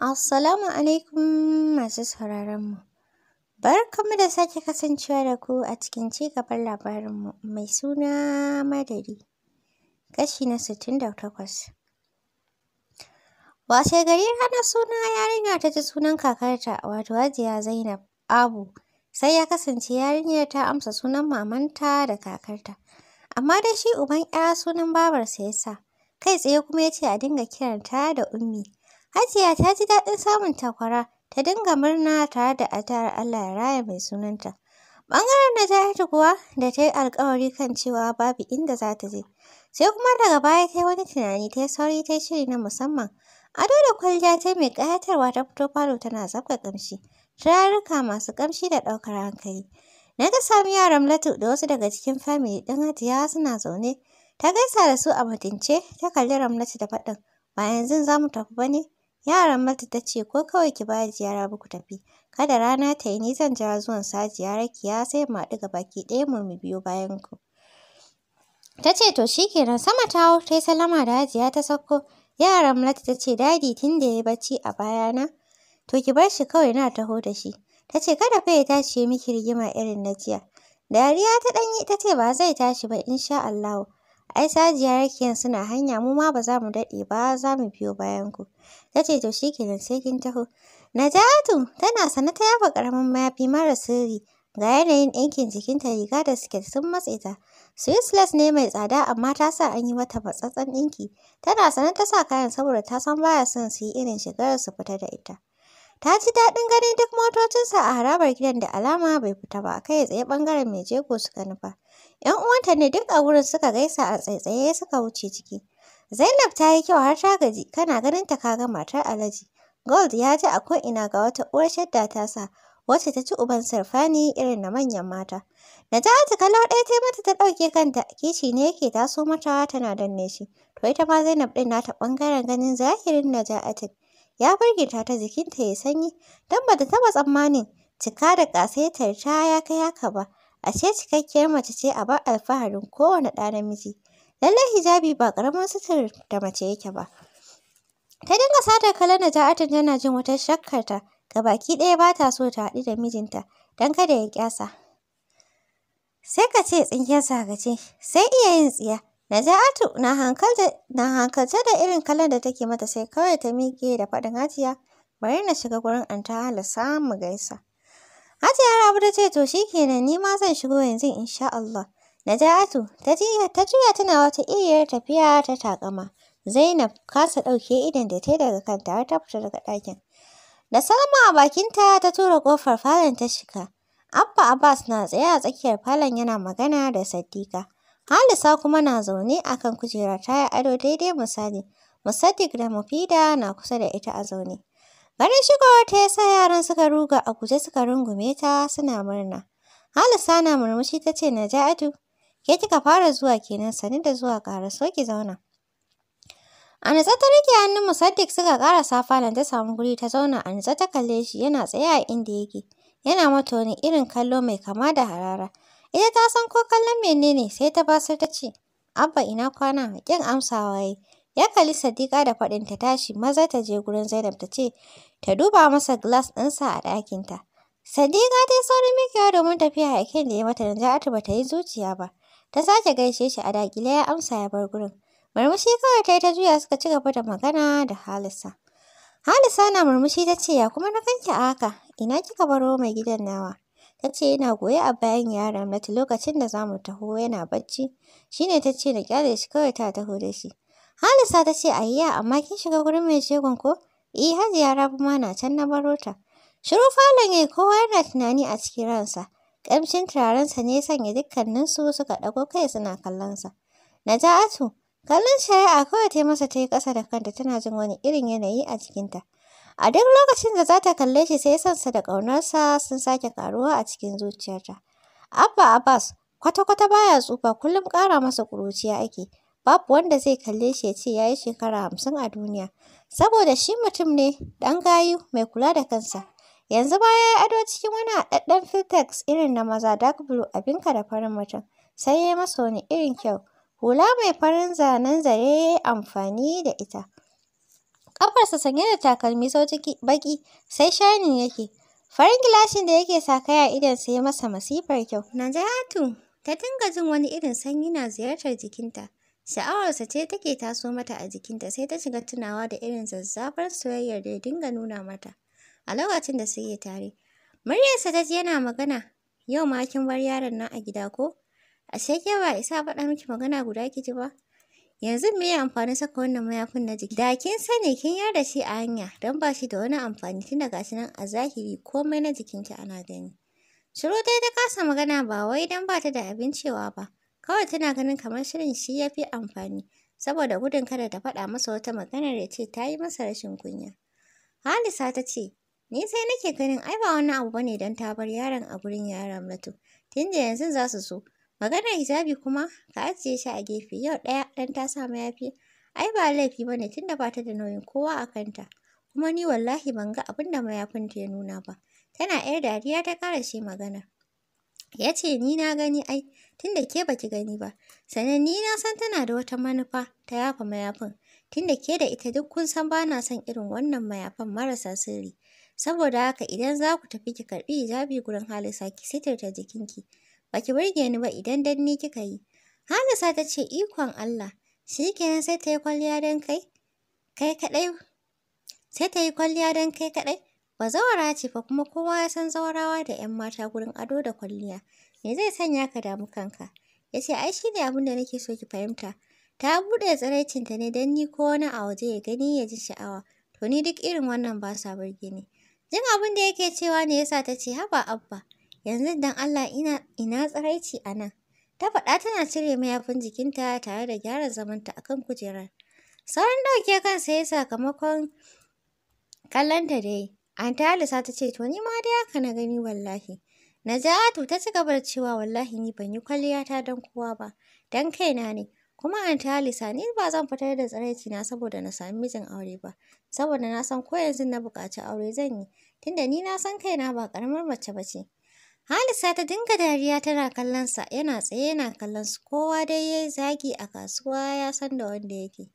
Assalamu alaikum masu sauraronmu. Barkanmu da sake kasancewa da ku a cikin cigaban labarinmu mai suna madari. Kashi na sittin da Washe gari ranar suna yarinya ta ji sunan kakarta wato Hajiya Zainab Abu. Sai ya kasance yarinyar ta amsa sunan mamanta da kakarta. Amma dai shi uban 'ya sunan babarsa ya sa. Kai tsaye kuma ya ce a dinga kiranta da ummi. Hajiya ta ji daɗin samun takwara, ta dinga murna tare da addu'ar Allah ya raya mai sunanta. Ɓangaren Najatu kuwa da ta yi alƙawari kan cewa babu inda za ta je. Sai kuma daga baya ta yi wani tunani ta yi sauri ta yi shiri na musamman. Ado da kwalliya ta mai ƙayatarwa ta fito falo tana zabga ƙamshi. Turaruka masu ƙamshi da ɗaukar hankali. Na ga sami yaran da wasu daga cikin famili ɗin Hajiya suna zaune. Ta gaisa da su a mutunce, ta kalli Ramlatu da faɗin, ba yanzu za mu tafi ba ne? Yaran Marta ta ce ko kawai ki ba ziyara buku ku tafi, kada rana ta yi ni zan jira zuwan su ki ya sai mu haɗu baki ɗaya mu mu biyo bayan ku. Ta ce to shi kenan sama ta hau ta yi salama da Hajiya ta sauko. Yaran Marta ta ce dadi tun da ya yi bacci a baya na? to ki bar shi kawai na taho da shi. Ta ce kada fa ya tashi ya miki rigima irin na jiya. Dariya ta ɗan yi ta ce ba zai tashi ba insha Allahu. Ai sajiya rakiyan suna hanya mu ma ba za mu daɗe ba za mu biyo bayan ku. Ta ce to shi kenan sai kin taho. Najatu tana sana ta yafa ƙaramin mayafi mara sirri. Ga yanayin ɗinkin jikinta riga da siket sun matse ta. Swissless ne mai tsada amma ta sa an yi mata matsatsen ɗinki. Tana sana ta sa kayan saboda ta san baya son su yi irin shigar su fita da ita. Ta ji daɗin ganin duk motocinsa a harabar gidan da alama bai fita ba, kai tsaye ɓangaren mai jego suka nufa. ‘Yan uwanta ne duk a wurin suka gaisa a tsaitsaye suka wuce ciki. Zainab ta yi kyau har ta gaji, kana ganin ta kaga matar alaji? Gold ya ji a ko'ina ga wata uwar shadda ta sa, wacce ta ci uban sarfani irin na manyan mata. Naja'atu kalau ɗaya ta mata ta ɗauke kanta, kici ne yake taso mata tana danne shi. To ita ma Zainab ɗin nata ɓangaren ganin zahirin Naja'atu. Ya birgita ta jikinta ya sanyi, don ba ta taɓa tsammanin cika da ƙasaitar ta ya kai haka ba. Ashe cikakkiyar mace ce a bar alfaharin kowane ɗa namiji. Lallai hijabi ba ƙaramin sutur da mace yake ba. Ta dinga satar kalar Naja'atun tana jin wata shakkarta, baki ɗaya ba ta so ta haɗu da mijinta, don kada ya ƙyasa. Sai ka ce tsinken ka sai iya yin tsiya. Naja'atu na hankalce da irin kalar da take mata sai kawai ta miƙe da faɗin Hajiya, bari na shiga gurin ta hala samu gaisa. Hajiya Rabu ta ce, to shi kenan ni ma zan shigo yanzu insha Allah. Naja'atu ta juya tana wata iriyar tafiya ta takama. Zainab kasa ɗauke idon da ta daga kanta har ta fita daga ɗakin. Da Salma a bakinta ta tura ƙofar falon ta shiga. Abba Abbas na tsaye a tsakiyar falon yana magana da Saddiƙa. Halisa kuma na zaune a kan kujera ta yi ado daidai misali. Musaddiq da Mufida na kusa da ita a zaune. Ganin shigowar ta ya sa yaran suka ruga a guje suka rungume ta suna murna. Halisa na murmushi ta ce Naja'atu Ke kika fara zuwa kenan sani da zuwa ƙara so ki zauna. A natsa ta rike hannun Musaddiq suka safa nan ta samu guri ta zauna a natsa ta kalle shi yana tsaye a inda yake. Yana mata wani irin kallo mai kama da harara. Ita ta san ko kallon menene sai ta basar ta ce, Abba ina kwana, ƙin amsawa yayi. Ya kalli Sadiqa da faɗin ta tashi maza ta je gurin Zainab ta ce ta duba masa glass ɗinsa a ɗakinta. Sadiqa ta yi saurin mikewa domin tafiya aikin da ya mata da Ja'atu ba ta yi zuciya ba. Ta sake gaishe shi a dakile ya amsa ya bar gurin. Murmushi kawai ta yi ta juya suka ci gaba da magana da Halisa. Halisa na murmushi ta ce ya kuma na kanki a haka, ina kika baro mai gidan nawa? Ta ce yana goye a bayan yaran Ramnatu lokacin da zamu mu taho yana bacci. Shi ne ta ce na kyale shi kawai ta taho da shi. Halisa ta ce ayya amma kin shiga gurin mai shegon ko? Eh Hajiya rabu ma na can na baro ta. Shiru falon yayi kowa yana tunani a cikin ransa. Ƙamshin turarensa ne ya sanya dukkaninsu suka ɗago kai suna kallonsa. Naja'atu, kallon shari'a kawai ta masa ta yi ƙasa da kanta tana jin wani irin yanayi a jikinta. A duk lokacin da za ta kalle shi sai sansa da ƙaunarsa sun sake ƙaruwa a cikin zuciyarta. Abba Abbas kwata-kwata baya tsufa kullum ƙara masa ƙuruciya ake. Babu wanda zai kalle shi ya ce ya yi shekara hamsin a duniya. Saboda shi mutum ne ɗan gayu mai kula da kansa. Yanzu ba ya yi ado cikin wani haɗaɗɗen Filtex irin na maza dark blue abinka da farin mutum. Sai ya yi masa wani irin kyau. Hula mai farin zanen zare ya yi amfani da ita. Ƙafarsa sanye da takalmi sau baƙi, sai ya yake. Farin gilashin da yake idan idonsa ya masa masifar kyau. Najatu ta dinga jin wani irin sanyi na ziyartar jikinta. Sha'awarsa ce take taso mata a jikinta sai ta shiga tunawa da irin zazzafar soyayyar da ya dinga nuna mata. a lokacin da suke tare. Muryarsa ta ji yana magana, yau ma kin bar yaron nan a gida ko? Ashe ke ba isa faɗa miki magana guda ki ji ba? Yanzu me ya amfani saka wannan mayafin na jiki? Da kin sani kin yarda shi a hanya don ba shi da wani amfani tun daga shi nan a zahiri komai na jikinki ana gani. Shiru dai ta kasa magana ba wai don ba ta da abin ba, kawai tana ganin kamar shirin shi ya fi amfani, saboda gudun kada ta faɗa masa wata maganar ya ce ta yi masa rashin kunya. Halisa ta ce, Ni sai nake ganin ai ba wani abu bane don ta bar yaron a gurin yaron tun da yanzu za su so. Maganar hijabi kuma ka ajiye shi a gefe yau ɗaya dan ta sa mayafi. Ai ba laifi bane tunda ba ta da nauyin kowa a kanta. Kuma ni wallahi ban ga abin da mayafinta ya nuna ba. Tana ‘yar dariya ta ƙara shi magana. Ya ce ni na gani ai, tun da ke baki gani ba. Sannan ni na san tana da wata manufa ta yafa mayafin. Tunda ke da ita duk kun san ba na son irin wannan mayafin marasa sirri. Saboda haka idan za ku tafi ki karɓi hijabi gurin Halisa ki sitirta jikinki. Ba ki burge ni ba idan danni kika yi. Halisa ta ce ikon Allah, shi kenan sai ta yi kwalliya don kai, kai kaɗai. Sai ta yi kwalliya don kai kaɗai. Ba zawara ce fa kuma kowa ya san zawarawa da ‘yan mata gurin ado da kwalliya. Me zai sanya ka damu kanka? Ya ce ai shi ne abin da nake so ki fahimta. Ta buɗe tsiraicinta ne don ni ko wani a waje ya gani ya ji sha'awa. To ni duk irin wannan ba sa burge ni. Jin abin da yake cewa ne yasa ta ce haba abba, yanzu dan Allah ina ina tsiraici a nan. Ta faɗa tana cire mayafin jikinta tare da gyara zamanta akan kujerar. Sauran ɗauke kansa ya sakamakon kallonta da yi. Anta Halisa ta ce to ni ma dai haka na gani wallahi. Naja'atu ta ci gaba da cewa wallahi ni ban yi kwalliyata don kowa ba, don kaina ne. Kuma ta Halisa ni ba zan fitar da na saboda na sami mijin aure ba, saboda na san ko yanzu na buƙaci aure zan yi, tunda ni na san kaina ba karamar mace ba ce. Halisa ta dinga dariya tana kallon sa, yana tsaye yana kallon su, kowa dai yayi zagi a kasuwa ya san da wanda yake.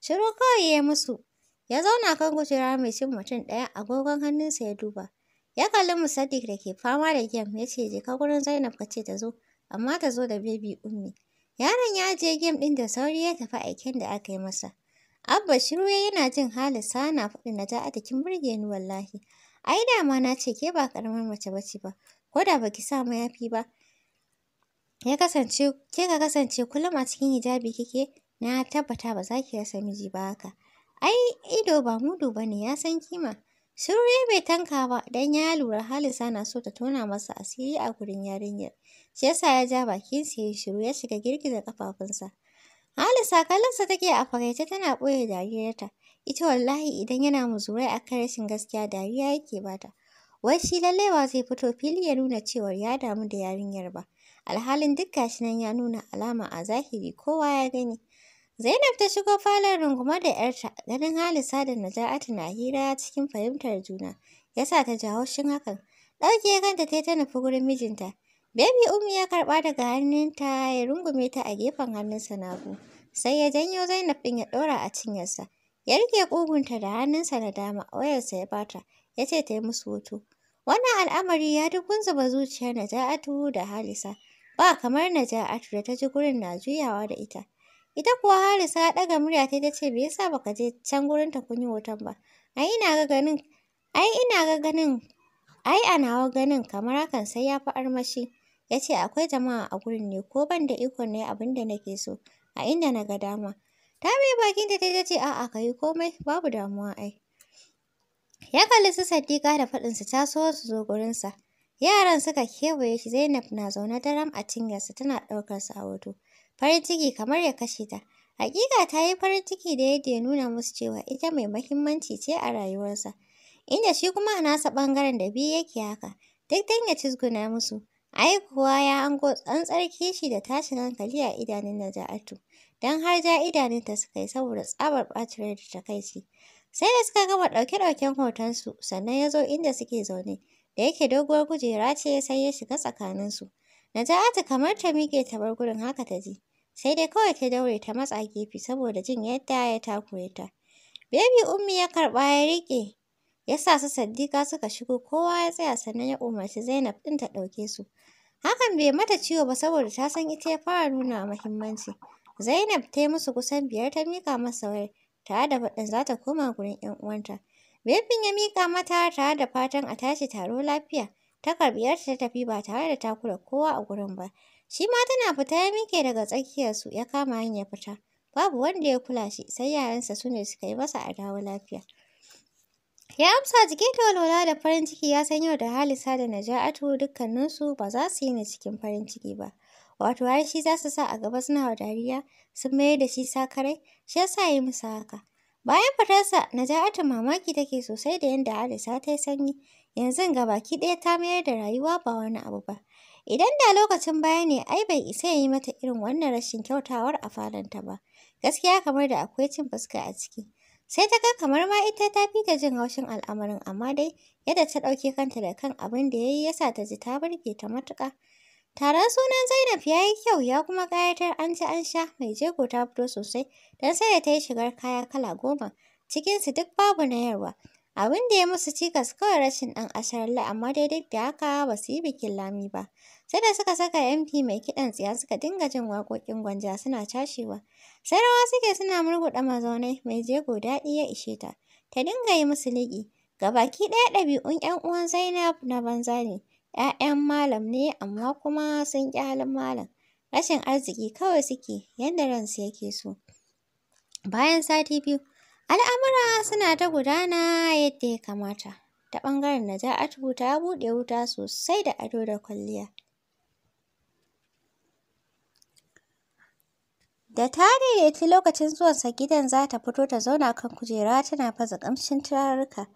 Shiru kawai ya musu, ya zauna kan kujera mai cin mutum ɗaya, agogon hannunsa ya duba. Ya kalli Musaddiq da ke fama da gem ya ce je ka gurin Zainab ka ce ta zo, amma ta zo da bebi ummi. Yaron ya je gem ɗin da sauri ya tafi aikin da aka yi masa. Abba shiru ya yana jin halin na faɗi na ja a jikin burge ni wallahi. Ai da ma na ce ke ba karamar mace bace ba, ko da baki sa mayafi ba. Ya kasance ke ka kasance kullum a cikin hijabi kike na tabbata ba za ki rasa miji ba haka. Ai ido ba mudu bane ya san kima. Shiru ya bai tanka ba don ya lura Halisa na so ta tona masa asiri a gurin yarinyar. Shi yasa ya ja bakinsa ya shiru ya shiga girgiza kafafunsa. Halisa kallonsa take a fagaice tana ɓoye dariyarta. Ita wallahi idan yana muzurai a kan rashin gaskiya dariya yake bata. Wai shi lallai ba zai fito fili ya nuna cewar ya damu da yarinyar ba. Alhalin duk gashi nan ya nuna alama a zahiri kowa ya gani. Zainab ta shigo falon rungume da ‘yarta, ganin Halisa da Naja'atu na hira cikin fahimtar juna, ya sa ta jawo shin hakan. Ɗauke kanta ta ta nufi gurin mijinta. Baby Ummi ya karɓa daga hannunta ya rungume ta a gefen hannunsa go, Sai ya janyo Zainab ɗin ya ɗora a cinyarsa. Ya rike ƙugunta da hannunsa na dama, wayarsa ya bata, ya ce ta yi musu hoto. Wannan al'amari ya dukunzuba zuciyar Naja'atu da Halisa. Ba kamar Naja'atu da ta ji gurin na juyawa da ita. Ita kuwa Halisa ta ɗaga murya ta ta ce me yasa baka je can gurin ta kun yi hoton ba. Ai ina ga ganin ai ina ga ganin ai a nawa ganin kamar hakan sai ya fi armashi. Ya ce akwai jama'a a gurin ne ko ban da ikon na yi abin da nake so a inda na ga dama. Ta mai bakinta ta ce a'a ka yi komai babu damuwa ai. Ya kalli su Sadiqa da su ta so su zo gurinsa. Yaran suka kewaye shi Zainab na zaune daram a cingarsa tana ɗaukarsa sa a hoto. farin ciki kamar ya kashe ta. Hakika ta yi farin ciki da yadda ya nuna musu cewa ita mai mahimmanci ce a rayuwarsa. Inda shi kuma a nasa ɓangaren da biyu yake haka, duk dan ya cizguna musu. Ai kuwa ya hango tsantsar kishi da tashin hankali a idanun Naja'atu, don har ja idanunta suka yi saboda tsabar ɓacin rai da ci. Sai da suka gama ɗauke-ɗauken hotonsu, sannan ya zo inda suke zaune, da yake doguwar kujera ce sai ya shiga tsakaninsu. Naja'atu kamar ta miƙe ta bar gurin haka ta je. sai dai kawai ta daure ta matsa gefe saboda jin yadda ya takure ta. Baby Ummi ya karɓa ya riƙe, ya sa su saddika suka shigo kowa ya tsaya sannan ya umarci Zainab ɗin ta ɗauke su. Hakan bai mata ciwo ba saboda ta san ita ya fara nuna muhimmanci. Zainab ta yi musu kusan biyar ta miƙa masa wayar tare da faɗin za ta koma gurin 'yan uwanta. Bebin ya miƙa mata tare da fatan a tashi taro lafiya. Ta karɓi yarta ta tafi ba tare da takura kowa a gurin ba. Shi ma tana fita ya miƙe daga tsakiyarsu ya kama hanyar fita. Babu wanda ya kula shi sai yaransa su ne suka yi masa a dawo lafiya. Ya amsa jiki da walwala da farin ciki ya san yau da Halisa da Naja'atu dukkaninsu ba za su yi ni cikin farin ciki ba. Wato har shi za su sa a gaba suna wa dariya sun mayar da shi sakarai shi ya sa yi musu haka. Bayan fitarsa Naja'atu mamaki take sosai da yadda Halisa ta yi sanyi yanzu ga baki ɗaya ta mayar da rayuwa ba wani abu ba. Idan da lokacin baya ne ai bai isa ya yi mata irin wannan rashin kyautawar a falonta ba. Gaskiya kamar da akwai cin fuska a ciki. Sai ta ga kamar ma ita ta fi ta jin haushin al'amarin amma dai yadda ta ɗauke kanta da kan abin da ya yi ya sa ta ji ta burge ta matuƙa. Taron sunan Zainab ya yi kyau ya kuma ƙayatar an ci an sha mai jego ta fito sosai don sai da ta yi shigar kaya kala goma cikinsu duk babu nayarwa yarwa. Abin da ya musu cikas kawai rashin ɗan la amma dai duk da haka ba su yi bikin lami ba. Sai da suka saka MP mai kiɗan tsiya suka dinga jin waƙoƙin gwanja suna cashewa. Sai rawa suke suna murguɗa mazaunai mai jego daɗi ya ishe ta. Ta dinga yi musu liƙi. Gabaki ɗaya ɗabi'un 'yan uwan Zainab na banza ne. 'Ya'yan malam ne amma kuma sun ƙi halin malam. Rashin arziki kawai suke yadda ransu yake so. Bayan sati biyu, al'amura suna ta gudana yadda ya kamata. Ta ɓangaren Naja'atu ta buɗe wuta sosai da ado da kwalliya. Da ta daidaita lokacin zuwansa gidan za ta fito ta zauna kan kujera tana faza ƙamshin turaruka.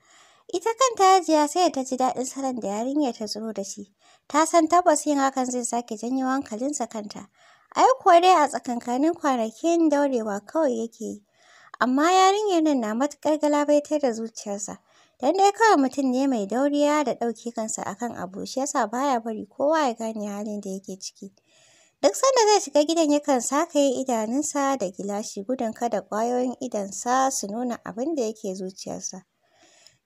Ita kanta Hajiya sai ta ji daɗin salon da yarinyar ta zo da shi. Ta san tabbas yin hakan zai sake janyo hankalinsa kanta. Ai kuwa dai a tsakankanin kwanakin daurewa kawai yake yi. Amma yarinyar nan na matuƙar galabaitar da zuciyarsa. Dan dai kawai mutum ne mai dauriya da ɗauke kansa kan abu shi yasa baya bari kowa ya gane halin da yake ciki. Duk sanda zai shiga gidan yakan sakaye idanunsa da gilashi gudun kada ƙwayoyin idonsa su nuna abin da yake zuciyarsa.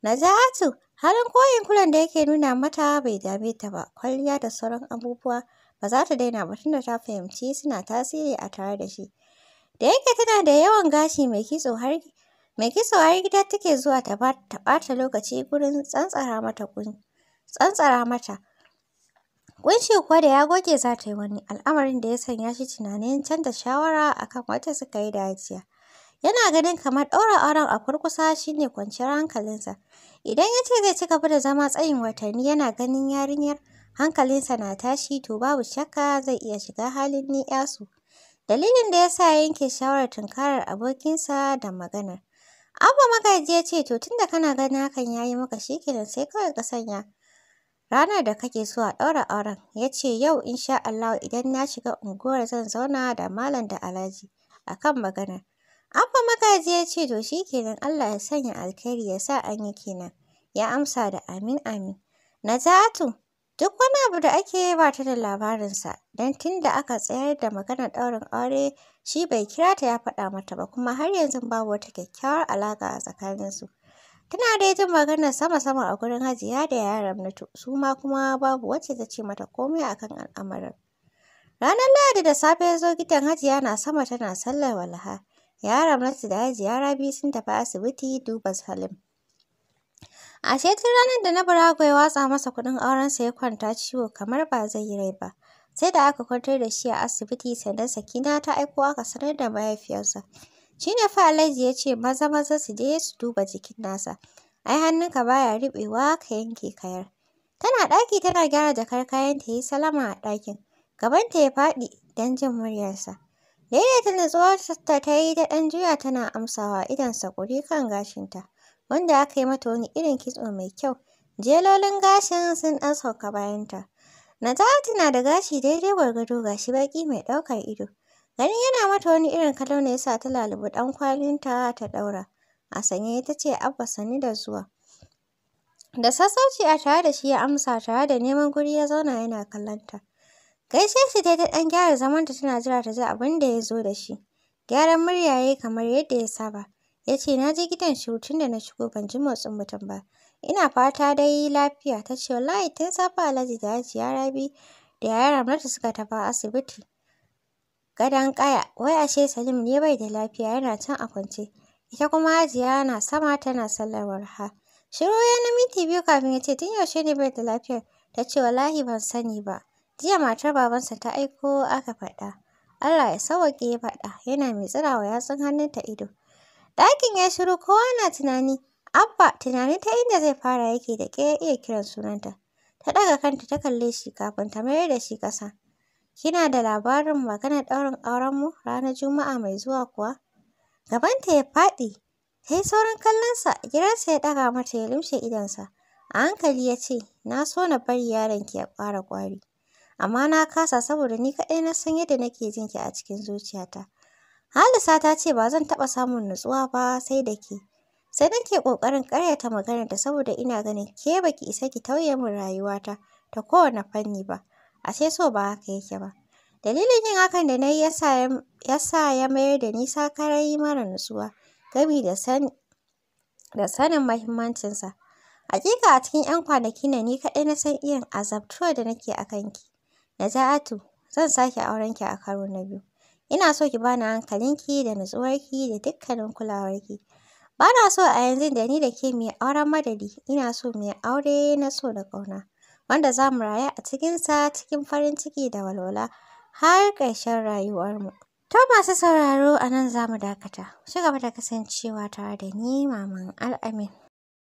Naja'atu halin koyin kulan da yake nuna mata bai dame ta ba, kwalliya da sauran abubuwa ba za ta daina ba tunda ta fahimci suna tasiri a tare da shi. Da yake tana da yawan gashi mai kitso har mai kitso har gida take zuwa ta ɓata lokaci gurin tsantsara mata tsantsara mata. Winci kuwa da ya goge za ta yi wani al'amarin da ya sanya shi tunanin canza shawara a kan wata suka yi dajiya. Yana ganin kamar ɗaura auren a kurkusa shi ne kwanciyar hankalinsa. Idan ya ce zai ci gaba da zama tsayin watanni yana ganin yarinyar hankalinsa na tashi to babu shakka zai iya shiga halin ni'yasu. Dalilin da ya sa ya yanke shawarar tunkarar abokinsa da maganar. Abba magaji ya ce to tunda kana ganin hakan ya yi maka shikenan sai kawai ka sanya ranar da kake so a ɗaura auren ya ce yau insha Allah idan na shiga unguwar zan zauna da malam da alhaji akan maganar fa magaji ya ce to shi kenan Allah ya sanya alkhairi ya sa an yi kenan ya amsa da amin amin Na Najatu duk wani abu da ake ba ta da labarinsa don tun da aka tsayar da maganar ɗaurin aure shi bai kira ta ya faɗa mata ba kuma har yanzu babu wata kyakkyawar alaƙa a tsakaninsu Tana dai jin maganar sama-sama a gurin Hajiya da yaran Natu, su ma kuma babu wacce ta ce mata komai a kan al'amarin. Ranar Lahadi da safe ya zo gidan Hajiya na sama tana sallar walaha. Yaran Natu da Hajiya Rabi sun tafi asibiti duba Salim. Ashe tun ranar da na Burago ya watsa masa kuɗin sa ya kwanta ciwo kamar ba zai yi rai ba. Sai da aka kwantar da shi a asibiti sannan Sakina ta aiko aka sanar da mahaifiyarsa. Shi ne fa Alhaji ya ce maza maza su je su duba jikin nasa. Ai hannunka baya riɓewa ka yanke kayar. Tana ɗaki tana gyara jakar kayan ta yi salama a ɗakin. Gabanta ya faɗi don jin muryarsa. Daidaita natsuwarta ta yi da ɗan juya tana amsawa idan saƙuri kan gashinta. Wanda aka yi mata wani irin kitso mai kyau. Jelolin gashin sun ɗan sauka bayanta. Najati na da gashi daidai gwargwado gashi baƙi mai ɗaukar ido. Ganin yana mata wani irin kallo ne yasa ta lalubi ɗan kwalin ta ɗaura. A sanye ta ce Abba sani da zuwa. Da sassauci a tare da shi ya amsa tare da neman guri ya zauna yana kallonta. Gaishe shi dai ta ɗan gyara zamanta tana jira ta ji abin da ya zo da shi. Gyaran murya ya yi kamar yadda ya saba. Ya ce na je gidan shi tun da na shigo ban ji motsin mutum ba. Ina fata dai lafiya ta ce wallahi tun safe Alhaji da Hajiya Rabi da yaran Ramlatu suka tafi asibiti. gadon ƙaya. Wai ashe Salim ne bai da lafiya yana can a kwance. Ita kuma Hajiya na sama tana sallar warha. Shiru ya na minti biyu kafin ya ce tun yaushe ne bai da lafiyar. Ta ce wallahi ban sani ba. Jiya matar babansa ta aiko aka faɗa. Allah ya sawwaƙe ya faɗa yana mai tsirawa yatsun hannunta ido. Ɗakin ya shiru kowa na tunani. Abba tunani ta inda zai fara yake da ke iya kiran sunanta. Ta ɗaga kanta ta kalle shi kafin ta mayar da shi ƙasa. Kina da labarin maganar ɗaurin aurenmu ranar Juma'a mai zuwa kuwa? Gabanta ya faɗi, ta yi saurin kallonsa, gidansa ya ɗaga mata ya lumshe idonsa. A hankali ya ce, na so na bari yaronki ya ƙara ƙwari, amma na kasa saboda ni kaɗai na san yadda nake jin ki a cikin zuciyata. Halisa ta ce ba zan taɓa samun nutsuwa ba sai da ke. Sai nake ƙoƙarin ƙaryata maganarta saboda ina ganin ke baki isa ki tauye min rayuwata ta kowane fanni ba. ashe so ba haka yake ba. Dalilin yin hakan da na yi ya sa ya mayar da nisa karayi mara nutsuwa, gami da sanin mahimmancinsa. Hakika a cikin 'yan kwanaki na ni kaɗai na san irin azabtuwa da nake a kanki. Naja'atu, zan sake auren ki a karo na biyu. Ina so ki bani hankalinki da nutsuwarki da dukkanin kulawarki. Ba na so a yanzu da ni da ke mai auren madadi, ina so mai aure na so da ƙauna. wanda za mu rayu a cikinsa cikin farin ciki da walwala har ƙarshen rayuwarmu. To masu sauraro a nan za mu dakata. Ci gaba da kasancewa tare da ni Maman Al'amin.